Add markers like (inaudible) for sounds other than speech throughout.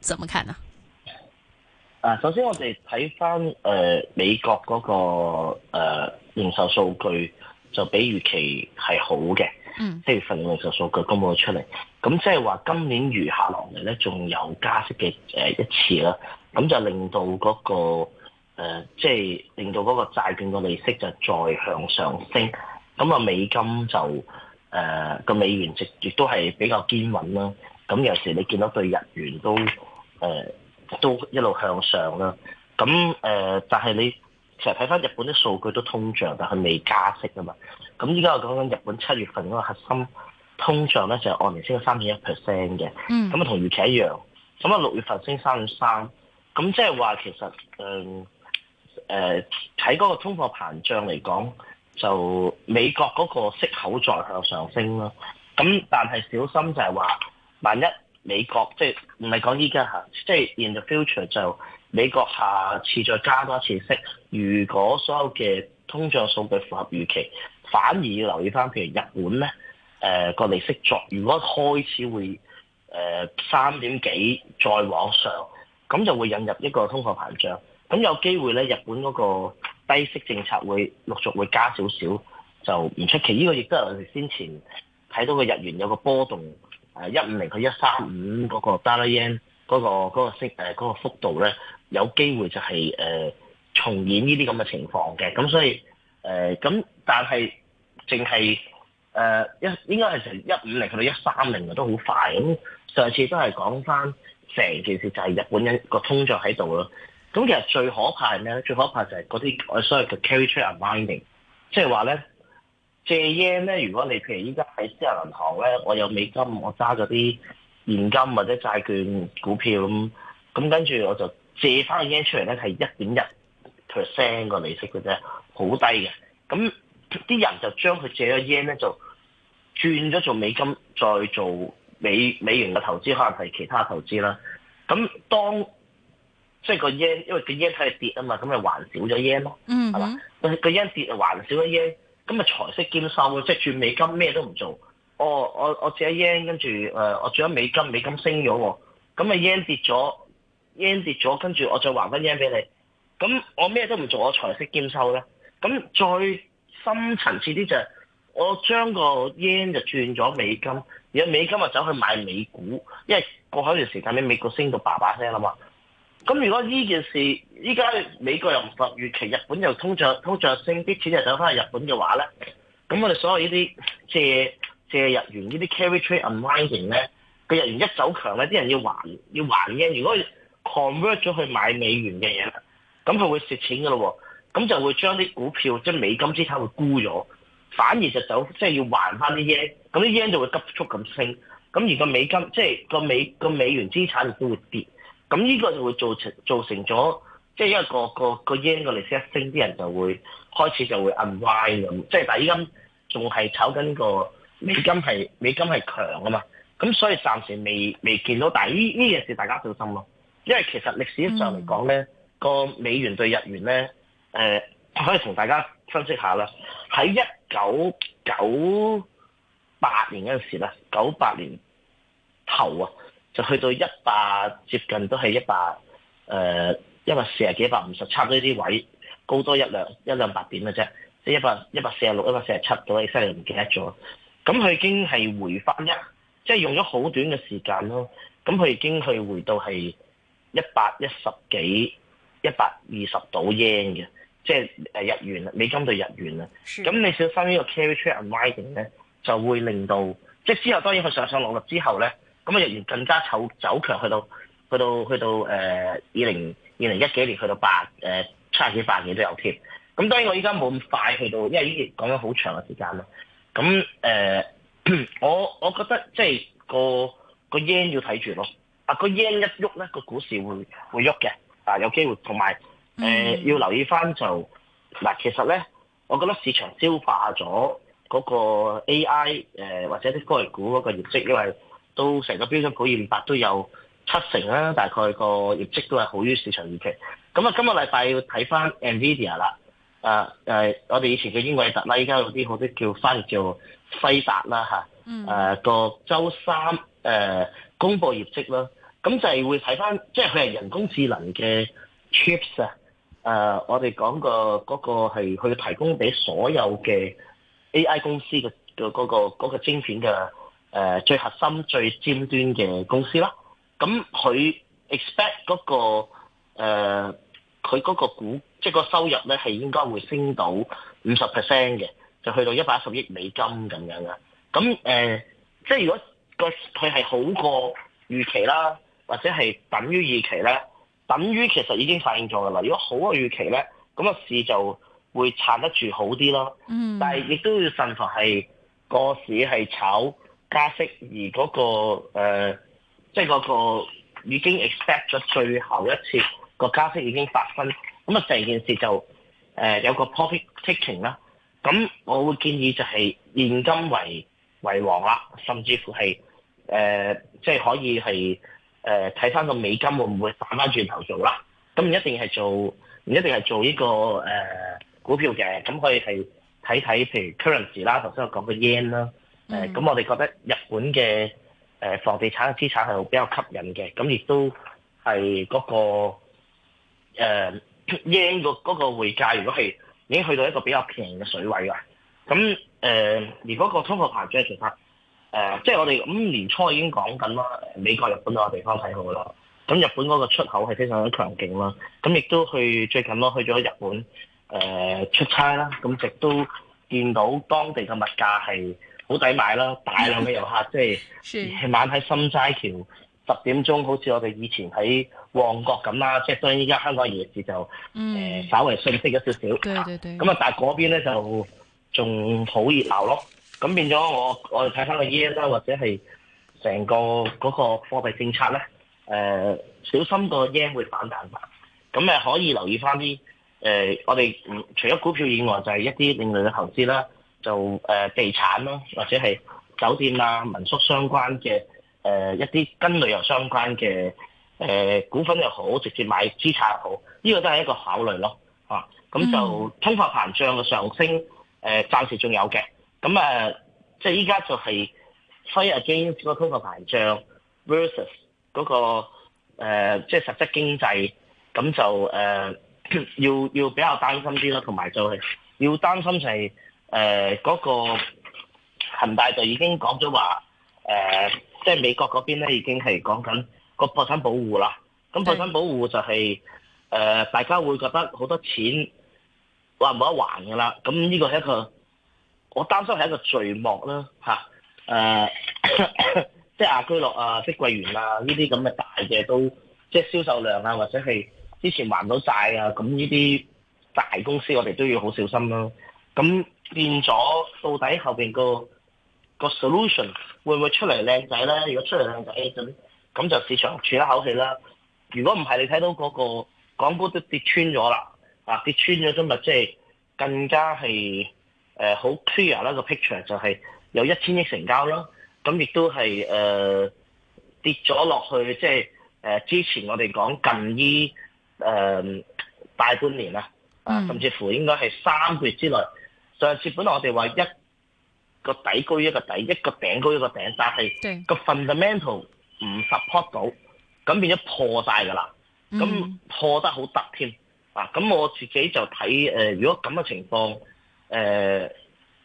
怎麼看呢？啊，首先我哋睇返誒美國嗰、那個誒、呃、零售數據就比預期係好嘅，嗯，七月份嘅零售數據公布咗出嚟，咁即係話今年餘下落嚟咧仲有加息嘅、誒、呃、一次啦，咁就令到嗰、那個誒即係令到嗰個債券個利息就再向上升，咁啊美金就誒個美元值亦、呃、呃、都係比較堅穩啦。咁有時你見到對日元都誒、呃、都一路向上啦。咁誒、呃，但係你其實睇翻日本啲數據都通脹，但係未加息啊嘛。咁依家我講緊日本七月份嗰個核心通脹咧，就按、是、年升咗三點一 percent 嘅。咁、嗯、啊，同預期一樣。咁啊，六月份升三點三。咁即係話其實誒誒，喺、嗯、嗰、呃、個通貨膨脹嚟講，就美國嗰個息口再向上升咯。咁但係小心就係話。萬一美國即係唔係講依家嚇，即係、就是、in the future 就美國下次再加多一次息，如果所有嘅通脹數據符合預期，反而要留意翻，譬如日本咧，誒、呃、個利息作如果開始會誒三、呃、點幾再往上，咁就會引入一個通貨膨脹，咁有機會咧日本嗰個低息政策會陸續會加少少，就唔出奇。呢、這個亦都係我哋先前睇到嘅日元有個波動。誒一五零去一三五嗰個 dollar yen 嗰、那個那個息誒、那個、幅度咧，有機會就係、是、誒、呃、重演呢啲咁嘅情況嘅，咁所以誒咁、呃，但係淨係誒一應該係成一五零去到一三零嘅都好快，咁上次都係講翻成件事就係日本人個通脹喺度咯，咁其實最可怕係咩咧？最可怕就係嗰啲我所謂嘅 carry trade unwinding，即係話咧。借 yen 咧，如果你譬如依家喺私人銀行咧，我有美金，我揸嗰啲現金或者債券、股票咁，咁跟住我就借翻個 yen 出嚟咧，係一點一 percent 個利息嘅啫，好低嘅。咁啲人就將佢借咗 yen 咧，就轉咗做美金，再做美美元嘅投資，可能係其他投資啦。咁當即係個 yen，因為個 yen 係跌啊嘛，咁咪還少咗 yen 咯，係、mm-hmm. 嘛？個個 yen 跌還少咗 yen。咁咪財息兼收，即係轉美金咩都唔做，我我我借 yen 跟住，誒、呃、我轉咗美金，美金升咗喎，咁咪 yen 跌咗，yen 跌咗跟住我再還翻 yen 俾你，咁我咩都唔做，我財息兼收咧。咁再深層次啲就係，我將個 yen 就轉咗美金，而家美金就走去買美股，因為過去段時間咧，美股升到爸爸聲啦嘛。咁如果呢件事依家美國又唔發預期，日本又通脹通脹升，啲錢就走翻去日本嘅話咧，咁我哋所有呢啲借借日元呢啲 carry trade unwinding 咧，個日元一走強咧，啲人要還要還 yen，如果 convert 咗去買美元嘅嘢，咁佢會蝕錢㗎咯喎，咁就會將啲股票即係、就是、美金資產會沽咗，反而就走即係、就是、要還翻啲 yen，咁啲 yen 就會急速咁升，咁而個美金即係、就是、個美個美元資產亦都會跌。咁呢個就會造成造成咗，即、就、係、是、一個一個一個 yen 嘅利息一升，啲人就會開始就會 unwinding 咁，即係底金仲係炒緊，這、呢個美金係美金係強啊嘛，咁所以暫時未未見到，但呢呢件事大家小心咯，因為其實歷史上嚟講咧，個、mm-hmm. 美元對日元咧，誒、呃、可以同大家分析下啦，喺一九九八年嗰陣時啦，九八年頭啊。就去到一百接近都係一百，誒、呃，一百四十幾百五十，七呢啲位，高多一兩一兩百點嘅啫，即係一百一百四十六，一百四十七，咁我哋犀利唔記得咗。咁佢已經係回翻一，即係用咗好短嘅時間咯。咁佢已經去回到係一百一十幾、一百二十到 yen 嘅，即係誒日元美金對日元啦。咁你小心呢個 carry trade unwinding 咧，就會令到即係之後當然佢上上落落之後咧。咁啊，日元更加醜走強，去到去到去到誒二零二零一幾年，去到八，誒七啊幾百點都有添。咁當然我依家冇咁快去到，因為已經講咗好長嘅時間啦。咁誒、嗯呃，我我覺得即係個個 yen 要睇住咯。啊，個 yen 一喐咧，個股市會會喐嘅。啊，有機會同埋誒要留意翻就嗱，其實咧，我覺得市場消化咗嗰個 AI 誒或者啲科技股嗰個業績，因為都成個標準普爾五百都有七成啦、啊，大概個業績都係好於市場預期。咁啊，今個禮拜要睇翻 Nvidia 啦，誒我哋以前嘅英偉達啦，依家有啲好啲叫翻叫輝達啦嚇，誒、啊嗯啊、個周三誒、啊、公佈業績啦，咁就係會睇翻，即係佢係人工智能嘅 chips 啊，啊我哋講個個嗰個係佢提供俾所有嘅 AI 公司嘅嗰、嗰個嗰、嗰個嗰個晶片嘅。誒最核心、最尖端嘅公司啦，咁佢 expect 嗰、那個誒佢嗰個股即、就是、個收入咧係應該會升到五十 percent 嘅，就去到一百一十億美金咁樣嘅。咁誒、呃，即係如果個佢係好過預期啦，或者係等於預期咧，等於其實已經反映咗嘅啦。如果好過預期咧，咁、那個市就會撐得住好啲咯。嗯、mm.，但係亦都要信服係個市係炒。加息而嗰、那個即係嗰個已經 expect 咗最後一次個加息已經發生，咁啊成件事就誒、呃、有個 profit taking 啦。咁我會建議就係現金為為王啦，甚至乎係誒即係可以係誒睇返個美金會唔會反返轉頭做啦？咁唔一定係做，唔一定係做呢、這個誒、呃、股票嘅，咁可以係睇睇譬如 currency 啦，頭先我講嘅 yen 啦。誒、嗯、咁，呃、我哋覺得日本嘅誒、呃、房地產嘅資產係比較吸引嘅，咁亦都係嗰、那個誒 yen 嗰個匯價，如果係已經去到一個比較平嘅水位啦。咁誒、呃，如果個通貨膨脹其情況，即、呃、係、就是、我哋咁、嗯、年初已經講緊啦，美國、日本兩個地方睇好啦。咁日本嗰個出口係非常之強勁啦。咁亦都去最近咯，去咗日本誒、呃、出差啦。咁亦都見到當地嘅物價係，好抵買啦！大量嘅遊客即係夜晚喺心齋橋十點鐘，好似我哋以前喺旺角咁啦。即係當然，依家香港嘅夜市就嗯稍微遜色咗少少。咁啊，但係嗰邊咧就仲好熱鬧咯。咁變咗我我哋睇翻個 yen 啦， (laughs) 或者係成個嗰個貨幣政策咧，誒、呃、小心個 yen 會反彈翻。咁可以留意翻啲誒，我哋除咗股票以外，就係、是、一啲另類嘅投資啦。就誒，地產咯、啊，或者係酒店啊、民宿相關嘅誒、呃、一啲跟旅遊相關嘅誒、呃、股份又好，直接買資產又好，呢、這個都係一個考慮咯。吓、啊，咁就通貨膨脹嘅上升誒暫、呃、時仲有嘅。咁誒即係依家就係 fight against 嗰個通貨膨脹 versus 嗰個誒即係實質經濟，咁就誒、呃、要要比較擔心啲咯，同埋就係要擔心就係、是。誒、呃、嗰、那個恒大就已經講咗話，即、呃、係、就是、美國嗰邊咧已經係講緊個破產保護啦。咁破產保護就係、是呃、大家會覺得好多錢話冇得還噶啦。咁呢個係一個我擔心係一個序幕啦，即、啊、係、呃 (coughs) 就是、亞居樂啊、碧桂園啊呢啲咁嘅大嘅都即係、就是、銷售量啊，或者係之前還唔到債啊，咁呢啲大公司我哋都要好小心咯、啊。咁變咗，到底後面個個 solution 會唔會出嚟靚仔咧？如果出嚟靚仔，咁咁就市場喘一口氣啦。如果唔係，你睇到嗰個港股都跌穿咗啦，啊跌穿咗，咁日即係更加係誒好 clear 啦個 picture，就係有一千億成交啦。咁亦都係誒、呃、跌咗落去，即係誒之前我哋講近於誒、呃、大半年啦啊，甚至乎應該係三個月之內。上次本來我哋話一個底高一個底，一個頂高一個頂，但係個 fundamental 唔 support 到，咁變咗破晒㗎啦。咁破得好突添啊！咁我自己就睇誒、呃，如果咁嘅情況誒、呃，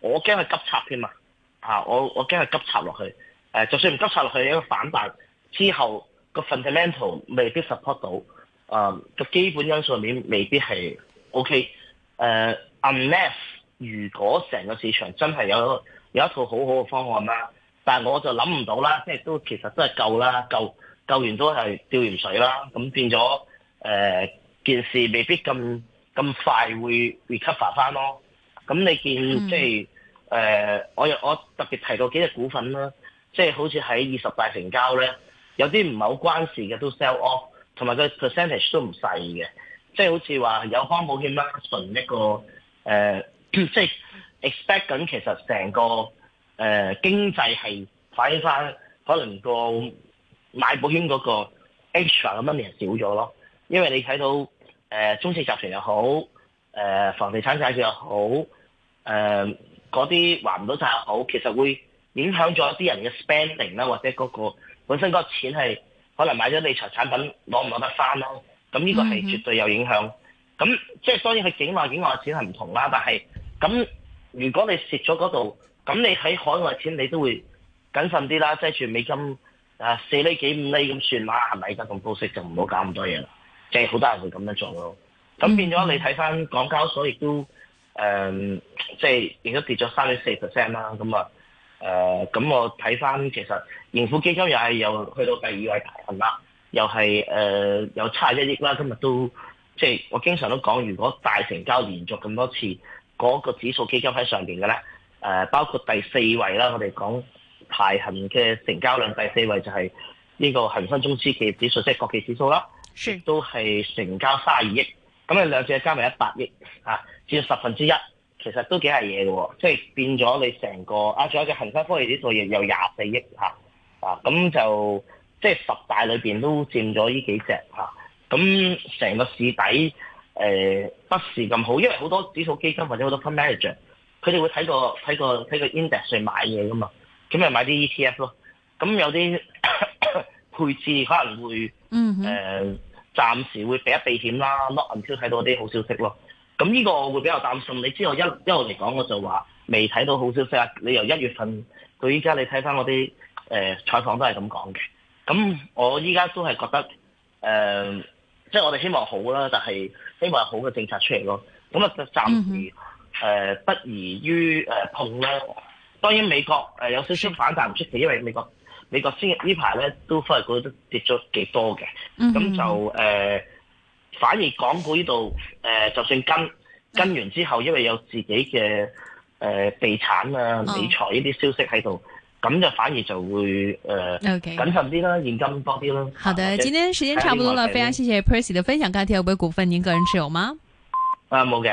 我驚係急插添啊！我我驚係急插落去誒、呃，就算唔急插落去，一個反彈之後個 fundamental 未必 support 到啊，個、呃、基本因素上面未必係 OK 誒、呃、unless。如果成個市場真係有有一套好好嘅方案啦，但係我就諗唔到啦，即係都其實都係夠啦，救救完都係吊鹽水啦，咁變咗誒、呃、件事未必咁咁快會 recover 翻咯。咁你見、嗯、即係誒、呃，我又我特別提到幾隻股份啦，即係好似喺二十大成交咧，有啲唔係好關事嘅都 sell off，同埋個 percentage 都唔細嘅，即係好似話有友邦保險啦，純一個誒。呃即係 expect 緊，其實成個誒、呃、經濟係反映翻可能個買保險嗰個 extra 嘅 money 係少咗咯，因為你睇到誒、呃、中四集團又好，誒、呃、房地產集團又好，誒嗰啲還唔到債又好，其實會影響咗一啲人嘅 spending 啦，或者嗰個本身嗰個錢係可能買咗理財產品攞唔攞得翻咯，咁呢個係絕對有影響。咁、mm-hmm。即係當然佢境外境外嘅錢係唔同啦，但係。咁如果你蝕咗嗰度，咁你喺海外錢你都會謹慎啲啦，即係揸住美金啊四厘幾五厘咁算啦，唔係得咁高息就唔好搞咁多嘢啦。即係好多人會咁樣做咯。咁變咗你睇翻港交所亦都誒，即係亦都跌咗三點四 percent 啦。咁啊咁我睇翻其實盈富基金又係又去到第二位大行啦，又係誒、呃、有差一億啦。今日都即係、就是、我經常都講，如果大成交連續咁多次。嗰、那個指數基金喺上面嘅咧，誒、呃、包括第四位啦，我哋講排行嘅成交量第四位就係呢個恒生中資企業指數，即、就、係、是、國際指數國企指數啦，都係成交卅二億，咁啊兩隻加埋一百億啊，佔十分之一，其實都幾係嘢嘅喎，即、就、係、是、變咗你成個啊，仲有隻恒生科技指數亦有廿四億啊，咁就即係、就是、十大裏面都佔咗呢幾隻咁成、啊、個市底。誒、呃、不時咁好，因為好多指數基金或者好多 manager，佢哋會睇個睇個睇個 index 去買嘢噶嘛，咁咪買啲 ETF 咯。咁有啲 (coughs) 配置可能會誒、呃、暫時會避一、嗯、避險啦，not u (coughs) ntil 睇到啲好消息咯。咁呢個我會比較擔心。你知道我一路一路嚟講，我就話未睇到好消息啊。你由一月份到依家，你睇翻我啲誒採訪都係咁講嘅。咁我依家都係覺得誒，即、呃、係、就是、我哋希望好啦，但係。希望好嘅政策出嚟咯，咁啊就暫時誒、嗯呃、不宜於誒、呃、碰呢。當然美國、呃、有少少反彈唔出奇，因為美國美國先呢排咧都翻嚟都跌咗幾多嘅，咁、嗯、就誒、呃、反而港股呢度誒就算跟跟完之後、嗯，因為有自己嘅誒、呃、地產啊、理財呢啲消息喺度。哦咁就反而就會誒謹慎啲啦，現金多啲啦。好的，今天時間差不多啦，哎，非常謝謝 Percy 的分享。嘉添有冇股份？您個人持有嗎？啊，呃，冇嘅。